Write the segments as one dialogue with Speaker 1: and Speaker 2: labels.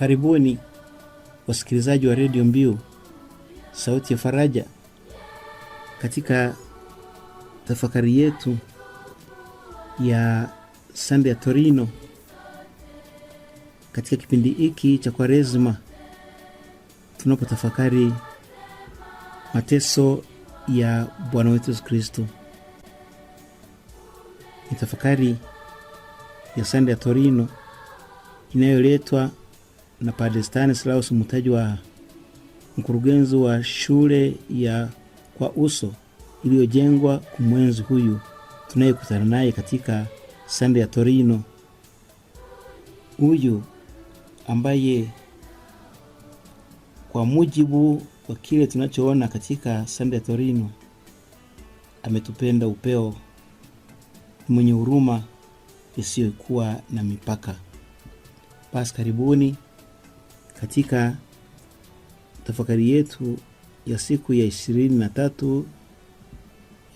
Speaker 1: Karibuni wasikilizaji wa redio Mbiu sauti ya faraja, katika tafakari yetu ya sande ya Torino katika kipindi hiki cha Kwaresma, tunapotafakari mateso ya Bwana wetu Yesu Kristo. Ni tafakari ya sande ya Torino inayoletwa na Padre Stanislaus Mutajwaha, mkurugenzi wa shule ya Kwa Uso iliyojengwa kumwenzi huyu tunayekutana naye katika sande ya Torino. Huyu ambaye kwa mujibu wa kile tunachoona katika sande ya Torino ametupenda upeo, mwenye huruma isiyokuwa na mipaka. Basi karibuni katika tafakari yetu ya siku ya ishirini na tatu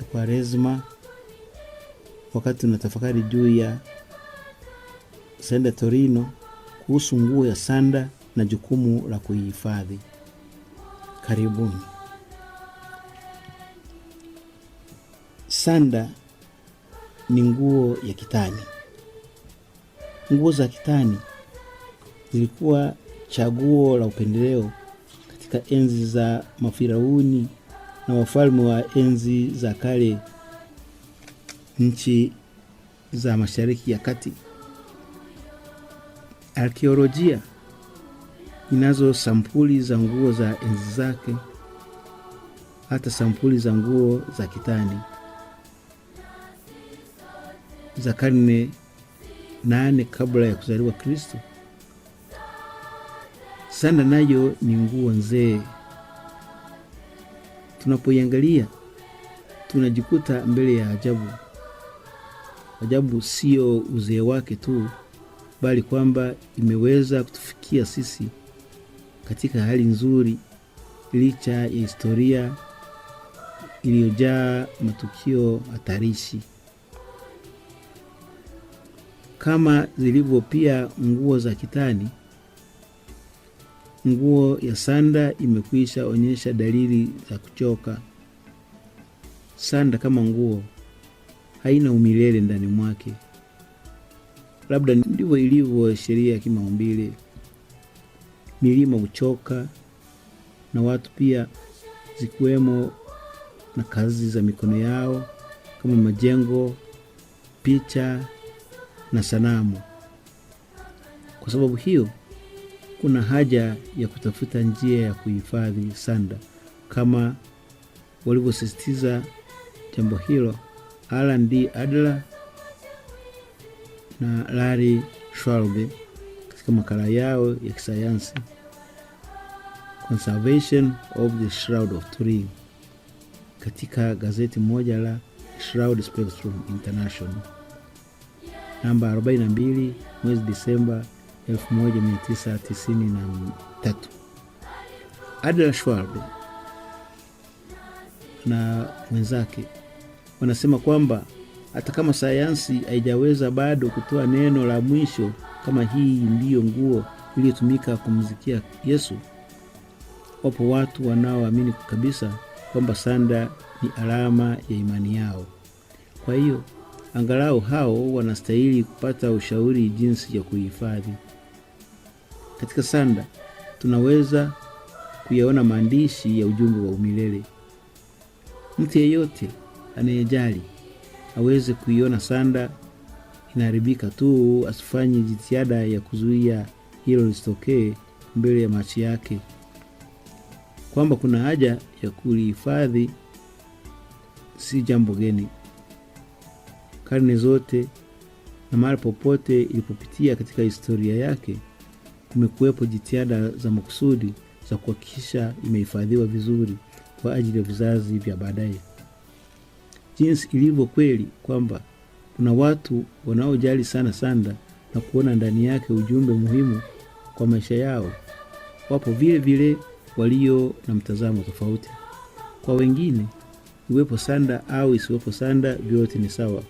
Speaker 1: ya Kwaresma, wakati tunatafakari juu ya Sanda Torino kuhusu nguo ya sanda na jukumu la kuihifadhi. Karibuni. Sanda ni nguo ya kitani. Nguo za kitani zilikuwa chaguo la upendeleo katika enzi za mafirauni na wafalme wa enzi za kale nchi za Mashariki ya Kati. Arkeolojia inazo sampuli za nguo za enzi zake, hata sampuli za nguo za kitani za karne nane kabla ya kuzaliwa Kristo. Sanda nayo ni nguo nzee. Tunapoiangalia tunajikuta mbele ya ajabu. Ajabu sio uzee wake tu, bali kwamba imeweza kutufikia sisi katika hali nzuri, licha ya historia iliyojaa matukio hatarishi, kama zilivyo pia nguo za kitani. Nguo ya sanda imekwisha onyesha dalili za kuchoka. Sanda kama nguo haina umilele ndani mwake. Labda ndivyo ilivyo sheria ya kimaumbile. Milima huchoka na watu pia, zikiwemo na kazi za mikono yao kama majengo, picha na sanamu. Kwa sababu hiyo kuna haja ya kutafuta njia ya kuhifadhi sanda kama walivyosisitiza jambo hilo d Adler na Larry Schwalbe katika makala yao ya kisayansi Conservation of the Shroud of Turin katika gazeti moja la Shroud Spectrum International namba 42 mwezi Disemba 1993. Adela Schwalbe na wenzake wanasema kwamba hata kama sayansi haijaweza bado kutoa neno la mwisho kama hii ndiyo nguo iliyotumika kumzikia Yesu, wapo watu wanaoamini kabisa kwamba sanda ni alama ya imani yao. Kwa hiyo angalau hao wanastahili kupata ushauri jinsi ya kuhifadhi katika sanda tunaweza kuyaona maandishi ya ujumbe wa umilele. Mtu yeyote anayejali aweze kuiona sanda inaharibika tu, asifanye jitihada ya kuzuia hilo lisitokee mbele ya macho yake, kwamba kuna haja ya kulihifadhi si jambo geni. Karne zote na mahali popote ilipopitia katika historia yake kumekuwepo jitihada za makusudi za kuhakikisha imehifadhiwa vizuri kwa ajili ya vizazi vya baadaye. Jinsi ilivyo kweli kwamba kuna watu wanaojali sana sanda na kuona ndani yake ujumbe muhimu kwa maisha yao, wapo vile vile walio na mtazamo tofauti. Kwa wengine, iwepo sanda au isiwepo sanda, vyote ni sawa.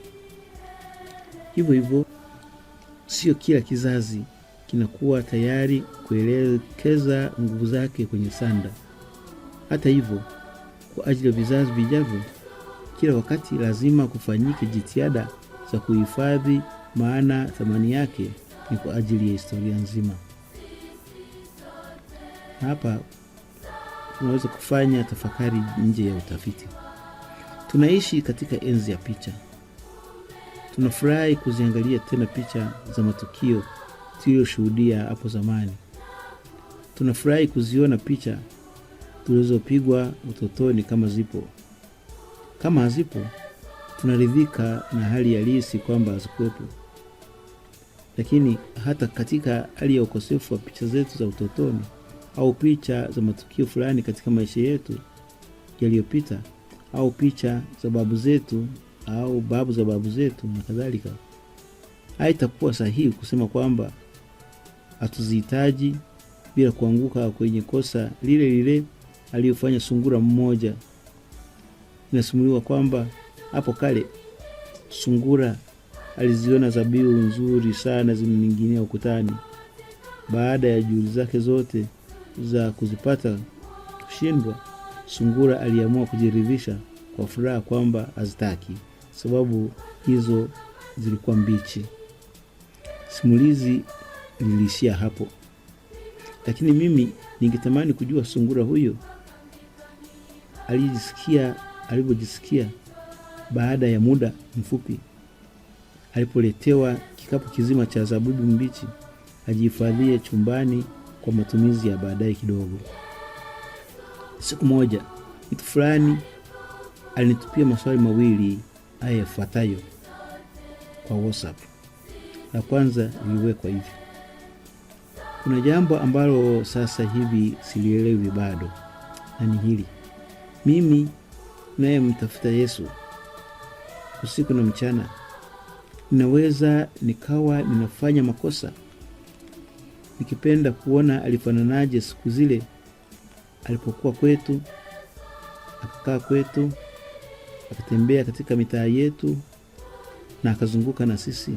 Speaker 1: Hivyo hivyo, sio kila kizazi kinakuwa tayari kuelekeza nguvu zake kwenye sanda. Hata hivyo, kwa ajili ya vizazi vijavyo, kila wakati lazima kufanyike jitihada za kuhifadhi, maana thamani yake ni kwa ajili ya historia nzima. Na hapa tunaweza kufanya tafakari nje ya utafiti. Tunaishi katika enzi ya picha. Tunafurahi kuziangalia tena picha za matukio tuliyoshuhudia hapo zamani. Tunafurahi kuziona picha tulizopigwa utotoni kama zipo. Kama hazipo, tunaridhika na hali halisi kwamba hazikuwepo. Lakini hata katika hali ya ukosefu wa picha zetu za utotoni au picha za matukio fulani katika maisha yetu yaliyopita au picha za babu zetu au babu za babu zetu na kadhalika, haitakuwa sahihi kusema kwamba hatuzihitaji bila kuanguka kwenye kosa lile lile aliyofanya sungura mmoja. Inasimuliwa kwamba hapo kale sungura aliziona zabibu nzuri sana zimening'inia ukutani. Baada ya juhudi zake zote za kuzipata kushindwa, sungura aliamua kujiridhisha kwa furaha kwamba hazitaki, sababu hizo zilikuwa mbichi. Simulizi liliishia hapo, lakini mimi ningetamani kujua sungura huyo alijisikia alivyojisikia baada ya muda mfupi alipoletewa kikapu kizima cha zabibu mbichi ajihifadhie chumbani kwa matumizi ya baadaye kidogo. Siku moja mtu fulani alinitupia maswali mawili haya yafuatayo kwa WhatsApp. La kwanza liliwekwa hivyo kuna jambo ambalo sasa hivi silielewi bado, na ni hili: mimi mtafuta Yesu usiku na mchana, ninaweza nikawa ninafanya makosa, nikipenda kuona alifananaje siku zile alipokuwa kwetu, akakaa kwetu, akatembea katika mitaa yetu na akazunguka na sisi.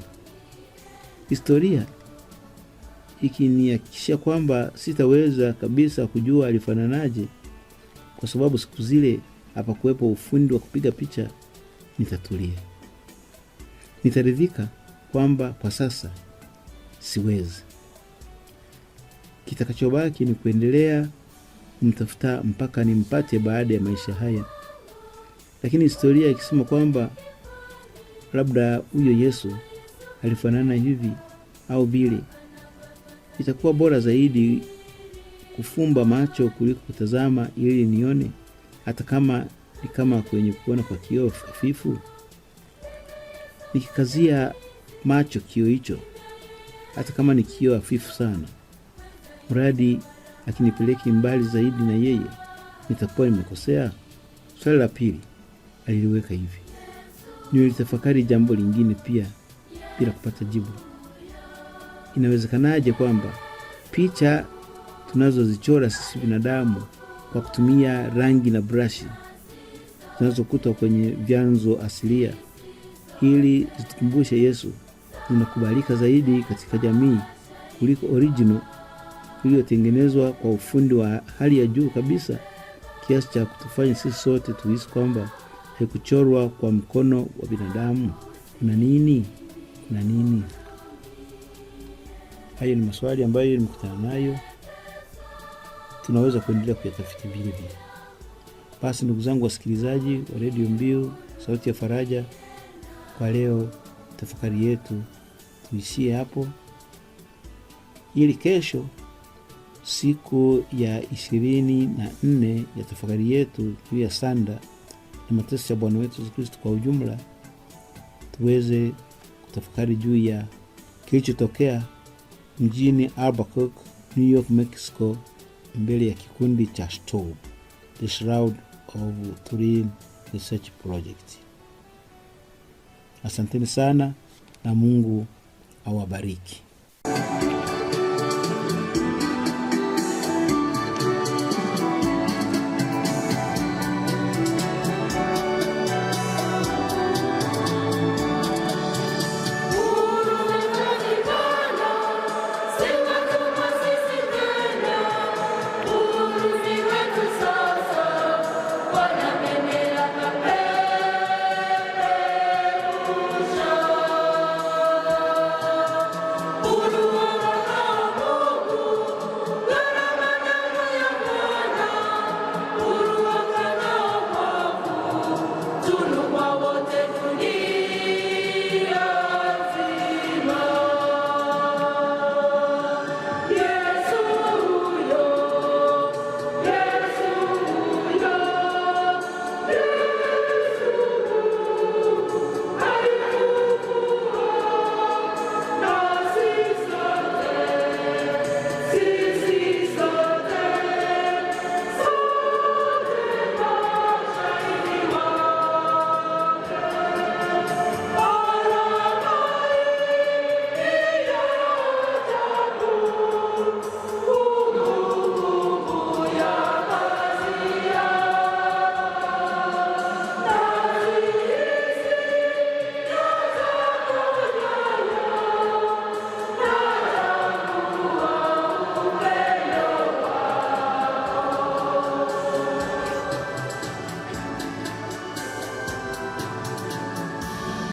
Speaker 1: Historia ikinihakikishia kwamba sitaweza kabisa kujua alifananaje, kwa sababu siku zile hapakuwepo ufundi wa kupiga picha, nitatulia, nitaridhika kwamba kwa sasa siwezi. Kitakachobaki ni kuendelea kumtafuta mpaka nimpate baada ya maisha haya. Lakini historia ikisema kwamba labda huyo Yesu alifanana hivi au vile itakuwa bora zaidi kufumba macho kuliko kutazama ili nione, hata kama ni kama kwenye kuona kwa kioo hafifu. Nikikazia macho kioo hicho, hata kama ni kioo hafifu sana, mradi akinipeleki mbali zaidi na yeye, nitakuwa nimekosea. Swali la pili aliliweka hivi, niwelitafakari jambo lingine pia bila kupata jibu inawezekanaje kwamba picha tunazozichora sisi binadamu kwa kutumia rangi na brashi zinazokutwa kwenye vyanzo asilia ili zitukumbushe Yesu zinakubalika zaidi katika jamii kuliko original iliyotengenezwa kwa ufundi wa hali ya juu kabisa kiasi cha kutufanya sisi sote tuhisi kwamba haikuchorwa kwa mkono wa binadamu. Kuna nini? Kuna nini? Hayo ni maswali ambayo nimekutana nayo, tunaweza kuendelea kuyatafiti vile vile. Basi ndugu zangu wasikilizaji wa redio Mbiu sauti ya Faraja, kwa leo tafakari yetu tuishie hapo, ili kesho siku ya ishirini na nne ya tafakari yetu juu ya sanda na mateso ya Bwana wetu Yesu Kristo kwa ujumla tuweze kutafakari juu ya kilichotokea mjini Albuquerque, New York, Mexico, mbele ya kikundi cha STOB, The Shroud of Turin Research Project. Asanteni sana na Mungu awabariki.